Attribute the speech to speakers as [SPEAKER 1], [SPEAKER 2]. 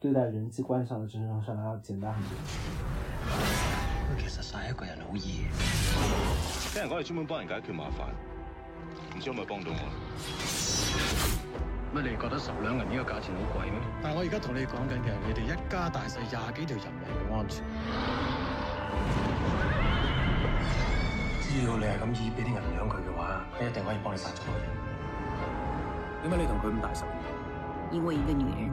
[SPEAKER 1] 對待人際關係上的正常事，要簡
[SPEAKER 2] 單很多。
[SPEAKER 1] 其實曬一個人好易，聽
[SPEAKER 2] 人講係專門幫人解決麻煩，唔知可唔可以幫到我。乜你覺得十兩銀呢個價錢好貴咩？
[SPEAKER 3] 但係我而家同你講緊嘅係你哋一家大細廿幾條人命嘅安全
[SPEAKER 1] 的。只要你係咁易俾啲銀兩佢嘅話，佢一定可以幫你殺咗佢。點解你同佢咁大
[SPEAKER 3] 仇？因為一個女人。